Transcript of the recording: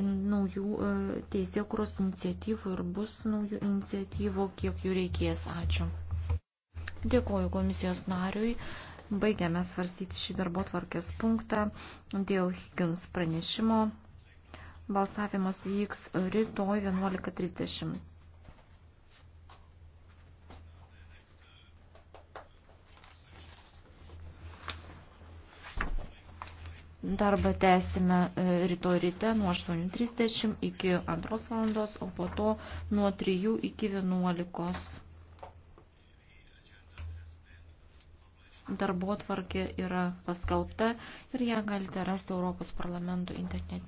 yra naujų e, teisėkuros iniciatyvų ir bus naujų iniciatyvų, kiek jų reikės. Ačiū. Dėkuoju komisijos nariui. Baigiame svarstyti šį darbo tvarkės punktą dėl Higgins pranešimo. Balsavimas vyks rytoj 11.30. Darbą tęsime e, rytoj ryte nuo 8.30 iki 2 valandos, o po to nuo 3 iki 11. Darbo tvarkė yra paskelbta ir ją galite rasti Europos parlamento internete.